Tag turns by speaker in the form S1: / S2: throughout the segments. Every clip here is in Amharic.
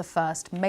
S1: ጤና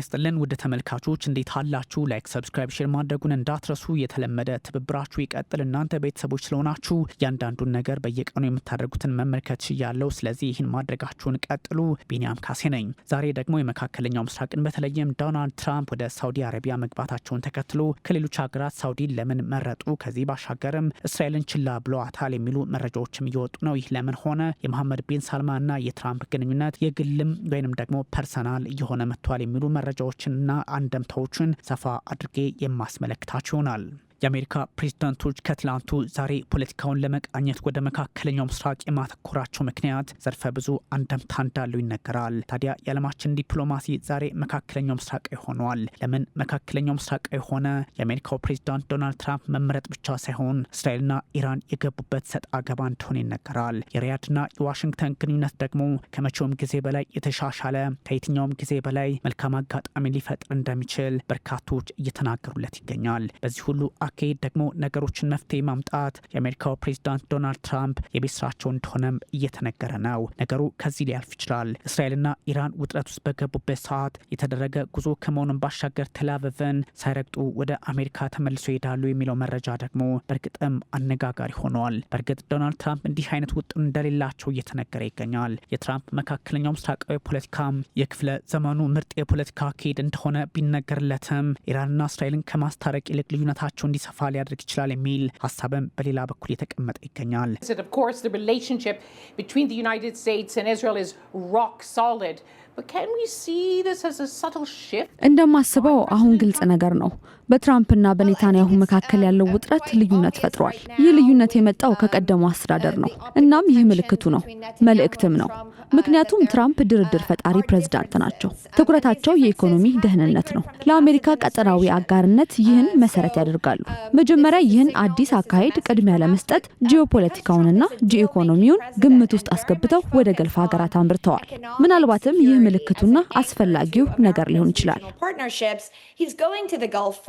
S2: ይስጥልን ውድ ተመልካቾች እንዴት አላችሁ? ላይክ፣ ሰብስክራይብ፣ ሼር ማድረጉን እንዳትረሱ። የተለመደ ትብብራችሁ ይቀጥል። እናንተ ቤተሰቦች ስለሆናችሁ እያንዳንዱን ነገር በየቀኑ የምታደርጉትን መመልከት ችያለሁ። ስለዚህ ይህን ማድረጋችሁን ቀጥሉ። ቢኒያም ካሴ ነኝ። ዛሬ ደግሞ የመካከለኛው ምስራቅን በተለይም ዶናልድ ትራምፕ ወደ ሳውዲ አረቢያ መግባታቸውን ተከትሎ ከሌሎች ሀገራት ሳውዲን ለምን መረጡ፣ ከዚህ ባሻገርም እስራኤልን ችላ ብለዋታል የሚሉ መረጃዎችም እየወጡ ነው። ይህ ለምን ሆነ? የመሐመድ ቢን ሳልማን እና የትራምፕ ግንኙነት የግልም ወይንም ደግሞ ፐርሰናል እየሆነ መጥቷል የሚሉ መረጃዎችንና አንደምታዎችን ሰፋ አድርጌ የማስመለክታቸው ይሆናል። የአሜሪካ ፕሬዝዳንቶች ከትላንቱ ዛሬ ፖለቲካውን ለመቃኘት ወደ መካከለኛው ምስራቅ የማተኮራቸው ምክንያት ዘርፈ ብዙ አንደምታ እንዳለው ይነገራል። ታዲያ የዓለማችን ዲፕሎማሲ ዛሬ መካከለኛው ምስራቅ ሆኗል። ለምን መካከለኛው ምስራቅ ሆነ? የአሜሪካው ፕሬዝዳንት ዶናልድ ትራምፕ መመረጥ ብቻ ሳይሆን እስራኤልና ኢራን የገቡበት ሰጥ አገባ እንደሆነ ይነገራል። የሪያድና የዋሽንግተን ግንኙነት ደግሞ ከመቼውም ጊዜ በላይ የተሻሻለ ከየትኛውም ጊዜ በላይ መልካም አጋጣሚ ሊፈጥር እንደሚችል በርካቶች እየተናገሩለት ይገኛል። በዚህ ሁሉ አካሄድ ደግሞ ነገሮችን መፍትሄ ማምጣት የአሜሪካው ፕሬዚዳንት ዶናልድ ትራምፕ የቤት ስራቸው እንደሆነም እየተነገረ ነው። ነገሩ ከዚህ ሊያልፍ ይችላል። እስራኤልና ኢራን ውጥረት ውስጥ በገቡበት ሰዓት የተደረገ ጉዞ ከመሆኑን ባሻገር ቴላቪቭን ሳይረግጡ ወደ አሜሪካ ተመልሶ ይሄዳሉ የሚለው መረጃ ደግሞ በእርግጥም አነጋጋሪ ሆኗል። በእርግጥ ዶናልድ ትራምፕ እንዲህ አይነት ውጥን እንደሌላቸው እየተነገረ ይገኛል። የትራምፕ መካከለኛው ምስራቃዊ ፖለቲካም የክፍለ ዘመኑ ምርጥ የፖለቲካ አካሄድ እንደሆነ ቢነገርለትም ኢራንና እስራኤልን ከማስታረቅ ይልቅ ልዩነታቸው እንዲሰፋ ሊያደርግ ይችላል የሚል ሀሳብም በሌላ በኩል የተቀመጠ ይገኛል። እንደማስበው አሁን ግልጽ ነገር ነው በትራምፕና በኔታንያሁ መካከል ያለው ውጥረት ልዩነት ፈጥሯል። ይህ ልዩነት የመጣው ከቀደመው አስተዳደር ነው። እናም ይህ ምልክቱ ነው፣ መልእክትም ነው። ምክንያቱም ትራምፕ ድርድር ፈጣሪ ፕሬዝዳንት ናቸው። ትኩረታቸው የኢኮኖሚ ደህንነት ነው። ለአሜሪካ ቀጠናዊ አጋርነት ይህን መሰረት ያደርጋሉ። መጀመሪያ ይህን አዲስ አካሄድ ቅድሚያ ለመስጠት ጂኦፖለቲካውንና ጂኢኮኖሚውን ግምት ውስጥ አስገብተው ወደ ገልፍ ሀገራት አምርተዋል። ምናልባትም ይህ ምልክቱና አስፈላጊው ነገር ሊሆን ይችላል።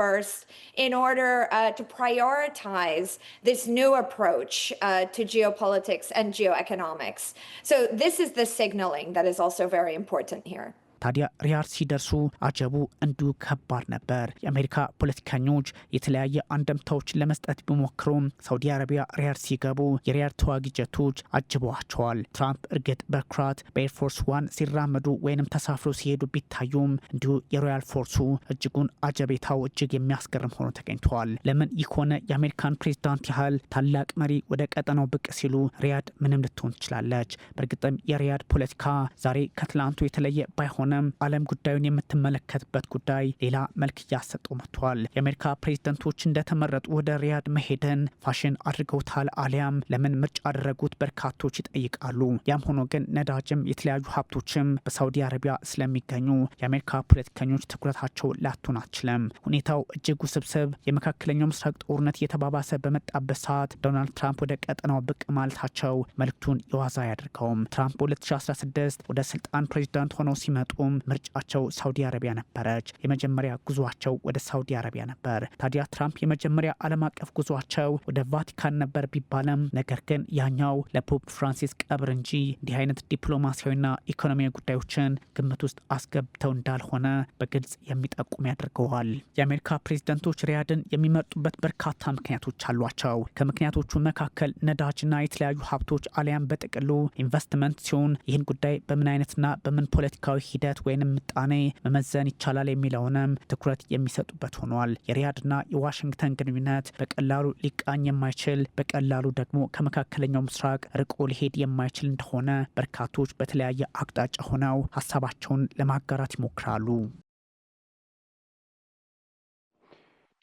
S1: first in order uh, to prioritize this new approach uh, to geopolitics and geoeconomics. So, this is the signaling that is also very important here.
S2: ታዲያ ሪያድ ሲደርሱ አጀቡ እንዲሁ ከባድ ነበር። የአሜሪካ ፖለቲከኞች የተለያየ አንደምታዎች ለመስጠት ቢሞክሩም ሳውዲ አረቢያ ሪያድ ሲገቡ የሪያድ ተዋጊ ጀቶች አጅበዋቸዋል። ትራምፕ እርግጥ በኩራት በኤርፎርስ ዋን ሲራመዱ ወይንም ተሳፍሮ ሲሄዱ ቢታዩም እንዲሁ የሮያል ፎርሱ እጅጉን አጀቤታው እጅግ የሚያስገርም ሆኖ ተገኝተዋል። ለምን ይህ ሆነ? የአሜሪካን ፕሬዚዳንት ያህል ታላቅ መሪ ወደ ቀጠናው ብቅ ሲሉ ሪያድ ምንም ልትሆን ትችላለች። በእርግጥም የሪያድ ፖለቲካ ዛሬ ከትላንቱ የተለየ ባይሆን ስለሆነም ዓለም ጉዳዩን የምትመለከትበት ጉዳይ ሌላ መልክ እያሰጡ መጥቷል። የአሜሪካ ፕሬዝደንቶች እንደተመረጡ ወደ ሪያድ መሄድን ፋሽን አድርገውታል አሊያም ለምን ምርጫ አደረጉት በርካቶች ይጠይቃሉ። ያም ሆኖ ግን ነዳጅም የተለያዩ ሀብቶችም በሳውዲ አረቢያ ስለሚገኙ የአሜሪካ ፖለቲከኞች ትኩረታቸው ላቱን አችለም። ሁኔታው እጅግ ውስብስብ የመካከለኛው ምስራቅ ጦርነት እየተባባሰ በመጣበት ሰዓት ዶናልድ ትራምፕ ወደ ቀጠናው ብቅ ማለታቸው መልክቱን የዋዛ አያደርገውም። ትራምፕ በ2016 ወደ ስልጣን ፕሬዚዳንት ሆነው ሲመጡ ሲመጡም ምርጫቸው ሳውዲ አረቢያ ነበረች። የመጀመሪያ ጉዟቸው ወደ ሳውዲ አረቢያ ነበር። ታዲያ ትራምፕ የመጀመሪያ ዓለም አቀፍ ጉዟቸው ወደ ቫቲካን ነበር ቢባለም ነገር ግን ያኛው ለፖፕ ፍራንሲስ ቀብር እንጂ እንዲህ አይነት ዲፕሎማሲያዊና ኢኮኖሚያዊ ጉዳዮችን ግምት ውስጥ አስገብተው እንዳልሆነ በግልጽ የሚጠቁም ያደርገዋል። የአሜሪካ ፕሬዝደንቶች ሪያድን የሚመርጡበት በርካታ ምክንያቶች አሏቸው። ከምክንያቶቹ መካከል ነዳጅና የተለያዩ ሀብቶች አሊያም በጥቅሉ ኢንቨስትመንት ሲሆን ይህን ጉዳይ በምን አይነትና በምን ፖለቲካዊ ሂደት ሂደት ወይንም ምጣኔ መመዘን ይቻላል የሚለውንም ትኩረት የሚሰጡበት ሆኗል። የሪያድና የዋሽንግተን ግንኙነት በቀላሉ ሊቃኝ የማይችል በቀላሉ ደግሞ ከመካከለኛው ምስራቅ ርቆ ሊሄድ የማይችል እንደሆነ በርካቶች በተለያየ አቅጣጫ ሆነው ሀሳባቸውን ለማጋራት ይሞክራሉ።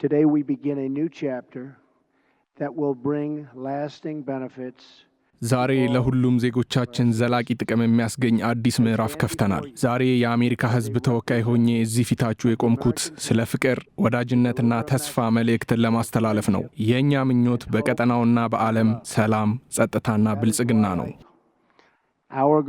S3: Today we begin a new chapter that will bring lasting benefits
S2: ዛሬ ለሁሉም ዜጎቻችን ዘላቂ ጥቅም የሚያስገኝ አዲስ ምዕራፍ ከፍተናል። ዛሬ የአሜሪካ ሕዝብ ተወካይ ሆኜ እዚህ ፊታችሁ የቆምኩት ስለ ፍቅር፣ ወዳጅነትና ተስፋ መልእክትን ለማስተላለፍ ነው። የእኛ ምኞት በቀጠናውና በዓለም ሰላም፣ ጸጥታና ብልጽግና ነው። Our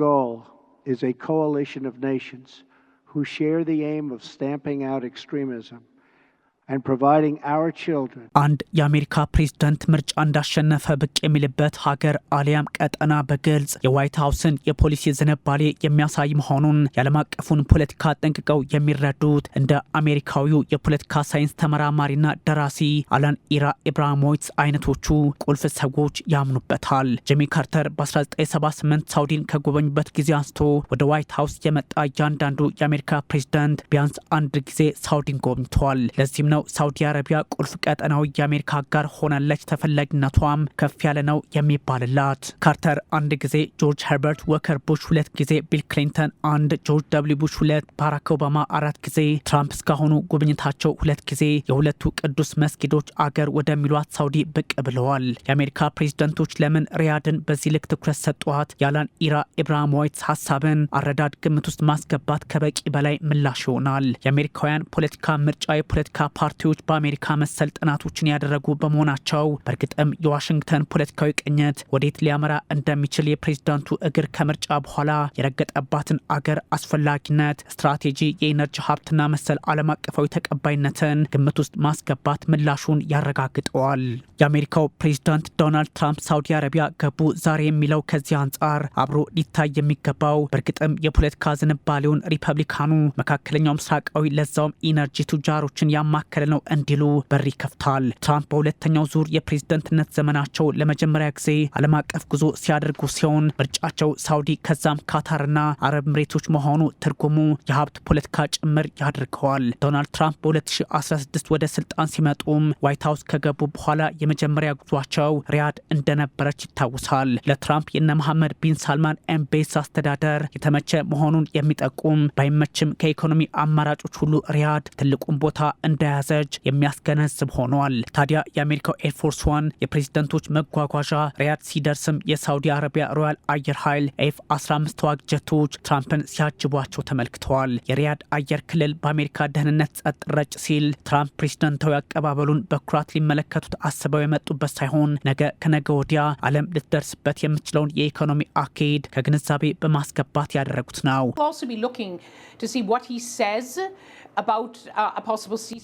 S2: አንድ የአሜሪካ ፕሬዝዳንት ምርጫ እንዳሸነፈ ብቅ የሚልበት ሀገር አሊያም ቀጠና በግልጽ የዋይት ሀውስን የፖሊሲ ዝንባሌ የሚያሳይ መሆኑን የዓለም አቀፉን ፖለቲካ ጠንቅቀው የሚረዱት እንደ አሜሪካዊው የፖለቲካ ሳይንስ ተመራማሪና ደራሲ አላን ኢራ ኢብራሞዊትስ አይነቶቹ ቁልፍ ሰዎች ያምኑበታል። ጂሚ ካርተር በ1978 ሳውዲን ከጎበኙበት ጊዜ አንስቶ ወደ ዋይት ሀውስ የመጣ እያንዳንዱ የአሜሪካ ፕሬዝዳንት ቢያንስ አንድ ጊዜ ሳውዲን ጎብኝቷል። ለዚህም ነው። ሳውዲ አረቢያ ቁልፍ ቀጠናዊ የአሜሪካ አጋር ሆናለች። ተፈላጊነቷም ከፍ ያለ ነው የሚባልላት ካርተር አንድ ጊዜ፣ ጆርጅ ሄርበርት ወከር ቡሽ ሁለት ጊዜ፣ ቢል ክሊንተን አንድ፣ ጆርጅ ደብሊው ቡሽ ሁለት፣ ባራክ ኦባማ አራት ጊዜ፣ ትራምፕ እስካሁኑ ጉብኝታቸው ሁለት ጊዜ የሁለቱ ቅዱስ መስጊዶች አገር ወደሚሏት ሳውዲ ብቅ ብለዋል። የአሜሪካ ፕሬዝደንቶች ለምን ሪያድን በዚህ ልክ ትኩረት ሰጧት? ያላን ኢራ ኢብራሂሞዊት ሀሳብን አረዳድ ግምት ውስጥ ማስገባት ከበቂ በላይ ምላሽ ይሆናል። የአሜሪካውያን ፖለቲካ ምርጫ የፖለቲካ ፓርቲዎች በአሜሪካ መሰል ጥናቶችን ያደረጉ በመሆናቸው በእርግጥም የዋሽንግተን ፖለቲካዊ ቅኝት ወዴት ሊያመራ እንደሚችል የፕሬዝዳንቱ እግር ከምርጫ በኋላ የረገጠባትን አገር አስፈላጊነት፣ ስትራቴጂ፣ የኢነርጂ ሀብትና መሰል ዓለም አቀፋዊ ተቀባይነትን ግምት ውስጥ ማስገባት ምላሹን ያረጋግጠዋል። የአሜሪካው ፕሬዝዳንት ዶናልድ ትራምፕ ሳውዲ አረቢያ ገቡ ዛሬ የሚለው ከዚህ አንጻር አብሮ ሊታይ የሚገባው በእርግጥም የፖለቲካ ዝንባሌውን ሪፐብሊካኑ መካከለኛው ምስራቃዊ ለዛውም ኢነርጂ ቱጃሮችን ያማከ እየተከላከለ ነው እንዲሉ በር ይከፍታል። ትራምፕ በሁለተኛው ዙር የፕሬዝደንትነት ዘመናቸው ለመጀመሪያ ጊዜ ዓለም አቀፍ ጉዞ ሲያደርጉ ሲሆን ምርጫቸው ሳውዲ ከዛም ካታርና አረብ ምሬቶች መሆኑ ትርጉሙ የሀብት ፖለቲካ ጭምር ያደርገዋል። ዶናልድ ትራምፕ በ2016 ወደ ስልጣን ሲመጡም ዋይት ሀውስ ከገቡ በኋላ የመጀመሪያ ጉዟቸው ሪያድ እንደነበረች ይታወሳል። ለትራምፕ የነ መሐመድ ቢን ሳልማን ኤምቤስ አስተዳደር የተመቸ መሆኑን የሚጠቁም ባይመችም ከኢኮኖሚ አማራጮች ሁሉ ሪያድ ትልቁን ቦታ እንደያዘ እንደያዘች የሚያስገነዝብ ሆኗል። ታዲያ የአሜሪካው ኤርፎርስ ዋን የፕሬዚደንቶች መጓጓዣ ሪያድ ሲደርስም የሳውዲ አረቢያ ሮያል አየር ኃይል ኤፍ 15 ተዋጊ ጀቶች ትራምፕን ሲያጅቧቸው ተመልክተዋል። የሪያድ አየር ክልል በአሜሪካ ደህንነት ጸጥ ረጭ ሲል ትራምፕ ፕሬዚደንታዊ አቀባበሉን በኩራት ሊመለከቱት አስበው የመጡበት ሳይሆን ነገ ከነገ ወዲያ ዓለም ልትደርስበት የምችለውን የኢኮኖሚ አካሄድ ከግንዛቤ በማስገባት ያደረጉት ነው።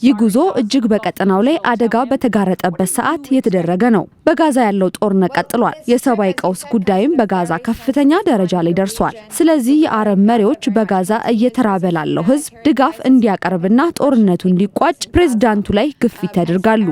S2: ይህ ጉዞ እጅግ በቀጠናው ላይ አደጋ በተጋረጠበት ሰዓት የተደረገ ነው። በጋዛ ያለው ጦርነት ቀጥሏል። የሰብአዊ ቀውስ ጉዳይም በጋዛ ከፍተኛ ደረጃ ላይ ደርሷል። ስለዚህ የአረብ መሪዎች በጋዛ እየተራበ ላለው ሕዝብ ድጋፍ እንዲያቀርብና ጦርነቱ እንዲቋጭ ፕሬዝዳንቱ ላይ ግፊት ያደርጋሉ።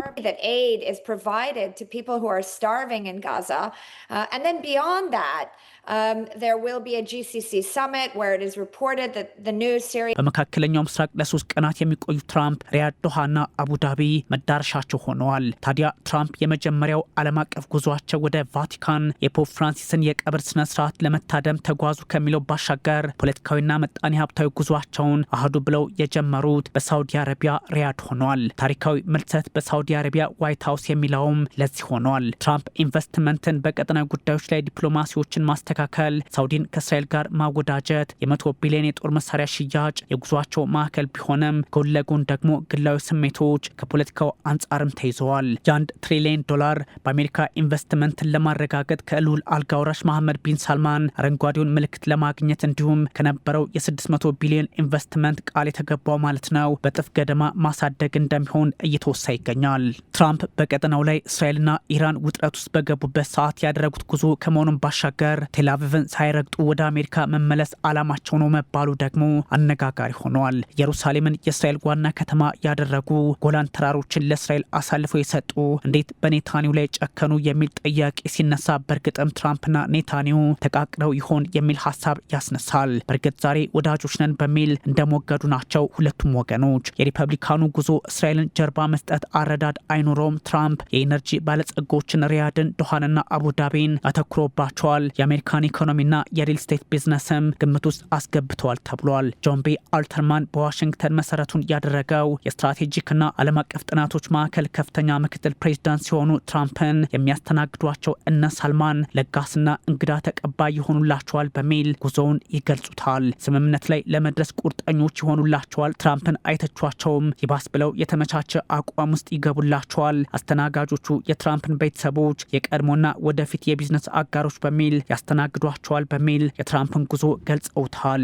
S1: Um, there will be a GCC summit where it is reported that the new Syria
S2: በመካከለኛው ምስራቅ ለሶስት ቀናት የሚቆዩ ትራምፕ ሪያድ፣ ዶሃና አቡዳቢ መዳረሻቸው ሆነዋል። ታዲያ ትራምፕ የመጀመሪያው ዓለም አቀፍ ጉዟቸው ወደ ቫቲካን የፖፕ ፍራንሲስን የቀብር ስነ ስርዓት ለመታደም ተጓዙ ከሚለው ባሻገር ፖለቲካዊና መጣኔ ሀብታዊ ጉዟቸውን አህዱ ብለው የጀመሩት በሳውዲ አረቢያ ሪያድ ሆኗል። ታሪካዊ ምልሰት በሳውዲ አረቢያ ዋይት ሀውስ የሚለውም ለዚህ ሆኗል። ትራምፕ ኢንቨስትመንትን በቀጠናዊ ጉዳዮች ላይ ዲፕሎማሲዎችን ማስ ማስተካከል፣ ሳውዲን ከእስራኤል ጋር ማወዳጀት፣ የመቶ ቢሊዮን የጦር መሳሪያ ሽያጭ የጉዟቸው ማዕከል ቢሆንም ጎን ለጎን ደግሞ ግላዊ ስሜቶች ከፖለቲካው አንጻርም ተይዘዋል። የአንድ ትሪሊየን ዶላር በአሜሪካ ኢንቨስትመንትን ለማረጋገጥ ከልዑል አልጋ ወራሽ መሐመድ ቢን ሳልማን አረንጓዴውን ምልክት ለማግኘት እንዲሁም ከነበረው የ600 ቢሊዮን ኢንቨስትመንት ቃል የተገባው ማለት ነው በጥፍ ገደማ ማሳደግ እንደሚሆን እየተወሳ ይገኛል። ትራምፕ በቀጠናው ላይ እስራኤልና ኢራን ውጥረት ውስጥ በገቡበት ሰዓት ያደረጉት ጉዞ ከመሆኑም ባሻገር ቴል አቪቭን ሳይረግጡ ወደ አሜሪካ መመለስ አላማቸው ነው መባሉ ደግሞ አነጋጋሪ ሆኗል። ኢየሩሳሌምን የእስራኤል ዋና ከተማ ያደረጉ፣ ጎላን ተራሮችን ለእስራኤል አሳልፈው የሰጡ እንዴት በኔታኒው ላይ ጨከኑ የሚል ጥያቄ ሲነሳ በእርግጥም ትራምፕና ኔታኒው ተቃቅደው ይሆን የሚል ሀሳብ ያስነሳል። በእርግጥ ዛሬ ወዳጆች ነን በሚል እንደሞገዱ ናቸው ሁለቱም ወገኖች። የሪፐብሊካኑ ጉዞ እስራኤልን ጀርባ መስጠት አረዳድ አይኖረውም። ትራምፕ የኤነርጂ ባለጸጎችን ሪያድን፣ ዶሃንና አቡዳቤን አተኩሮባቸዋል። የአሜሪካ የአሜሪካን ኢኮኖሚና የሪል ስቴት ቢዝነስም ግምት ውስጥ አስገብተዋል ተብሏል። ጆን ቤ አልተርማን በዋሽንግተን መሰረቱን ያደረገው የስትራቴጂክና ዓለም አቀፍ ጥናቶች ማዕከል ከፍተኛ ምክትል ፕሬዚዳንት ሲሆኑ ትራምፕን የሚያስተናግዷቸው እነ ሳልማን ለጋስና እንግዳ ተቀባይ ይሆኑላቸዋል በሚል ጉዞውን ይገልጹታል። ስምምነት ላይ ለመድረስ ቁርጠኞች ይሆኑላቸዋል። ትራምፕን አይተቿቸውም። ይባስ ብለው የተመቻቸ አቋም ውስጥ ይገቡላቸዋል። አስተናጋጆቹ የትራምፕን ቤተሰቦች የቀድሞና ወደፊት የቢዝነስ አጋሮች በሚል ያስተና ያስተናግዷቸዋል በሚል የትራምፕን ጉዞ ገልጸውታል።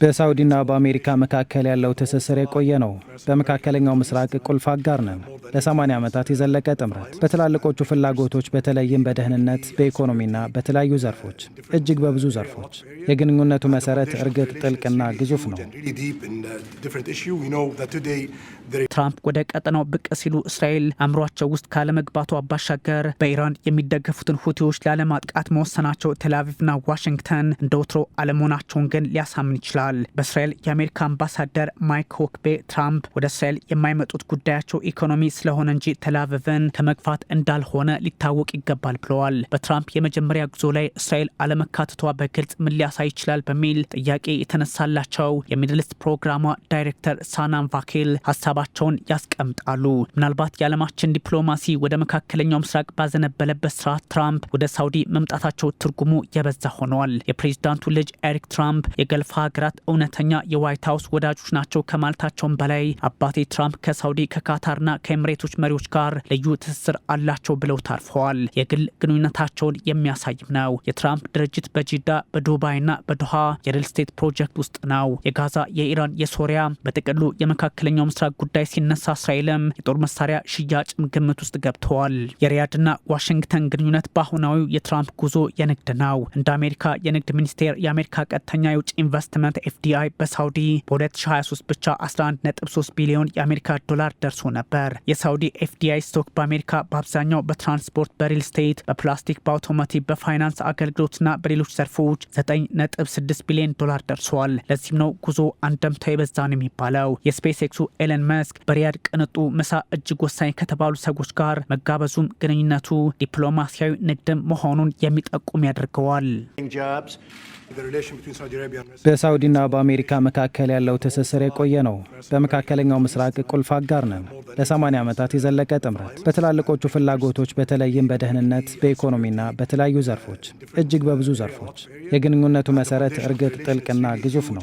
S2: በሳውዲና በአሜሪካ መካከል ያለው ትስስር የቆየ ነው። በመካከለኛው ምስራቅ ቁልፍ አጋር ነን። ለ80 ዓመታት የዘለቀ ጥምረት በትላልቆቹ ፍላጎቶች በተለይም በደህንነት፣ በኢኮኖሚና በተለያዩ ዘርፎች እጅግ በብዙ ዘርፎች የግንኙነቱ መሰረት እርግጥ ጥልቅና ግዙፍ ነው። ትራምፕ ወደ ቀጠናው ብቅ ሲሉ እስራኤል አእምሯቸው ውስጥ ካለመግባቷ ባሻገር በኢራን የሚደገፉትን ሁቲዎች ላለማጥቃት መወሰናቸው ቴልአቪቭና ዋሽንግተን እንደ ወትሮ አለመሆናቸውን ግን ሊያሳምን ይችላል። በእስራኤል የአሜሪካ አምባሳደር ማይክ ሆክቤ ትራምፕ ወደ እስራኤል የማይመጡት ጉዳያቸው ኢኮኖሚ ስለሆነ እንጂ ቴላቪቭን ከመግፋት እንዳልሆነ ሊታወቅ ይገባል ብለዋል። በትራምፕ የመጀመሪያ ጉዞ ላይ እስራኤል አለመካተቷ በግልጽ ምን ሊያሳይ ይችላል በሚል ጥያቄ የተነሳላቸው የሚድልስት ፕሮግራሟ ዳይሬክተር ሳናም ቫኬል ሀሳብ ሀሳባቸውን ያስቀምጣሉ። ምናልባት የዓለማችን ዲፕሎማሲ ወደ መካከለኛው ምስራቅ ባዘነበለበት ስርዓት ትራምፕ ወደ ሳውዲ መምጣታቸው ትርጉሙ የበዛ ሆነዋል። የፕሬዚዳንቱ ልጅ ኤሪክ ትራምፕ የገልፋ ሀገራት እውነተኛ የዋይት ሀውስ ወዳጆች ናቸው ከማለታቸውም በላይ አባቴ ትራምፕ ከሳውዲ ከካታርና ከኤምሬቶች መሪዎች ጋር ልዩ ትስስር አላቸው ብለው ታርፈዋል። የግል ግንኙነታቸውን የሚያሳይም ነው። የትራምፕ ድርጅት በጂዳ በዱባይና በዶሃ የሪል ስቴት ፕሮጀክት ውስጥ ነው። የጋዛ፣ የኢራን፣ የሶሪያ በጥቅሉ የመካከለኛው ምስራቅ ጉዳይ ሲነሳ እስራኤልም የጦር መሳሪያ ሽያጭም ግምት ውስጥ ገብተዋል። የሪያድና ዋሽንግተን ግንኙነት በአሁናዊ የትራምፕ ጉዞ የንግድ ነው። እንደ አሜሪካ የንግድ ሚኒስቴር የአሜሪካ ቀጥተኛ የውጭ ኢንቨስትመንት ኤፍዲአይ በሳውዲ በ2023 ብቻ 11.3 ቢሊዮን የአሜሪካ ዶላር ደርሶ ነበር። የሳውዲ ኤፍዲአይ ስቶክ በአሜሪካ በአብዛኛው በትራንስፖርት፣ በሪል ስቴት፣ በፕላስቲክ፣ በአውቶሞቲቭ፣ በፋይናንስ አገልግሎትና በሌሎች ዘርፎች 9.6 ቢሊዮን ዶላር ደርሷል። ለዚህም ነው ጉዞ አንደምታ የበዛ ነው የሚባለው። የስፔስ ኤክሱ ኤለን መስክ በሪያድ ቅንጡ ምሳ እጅግ ወሳኝ ከተባሉ ሰዎች ጋር መጋበዙም ግንኙነቱ ዲፕሎማሲያዊ ንግድም መሆኑን የሚጠቁም ያደርገዋል። በሳውዲና በአሜሪካ መካከል ያለው ትስስር የቆየ ነው። በመካከለኛው ምስራቅ ቁልፍ አጋር ነን። ለ80 ዓመታት የዘለቀ ጥምረት በትላልቆቹ ፍላጎቶች በተለይም በደህንነት፣ በኢኮኖሚና በተለያዩ ዘርፎች እጅግ በብዙ ዘርፎች የግንኙነቱ መሰረት እርግጥ ጥልቅና ግዙፍ ነው።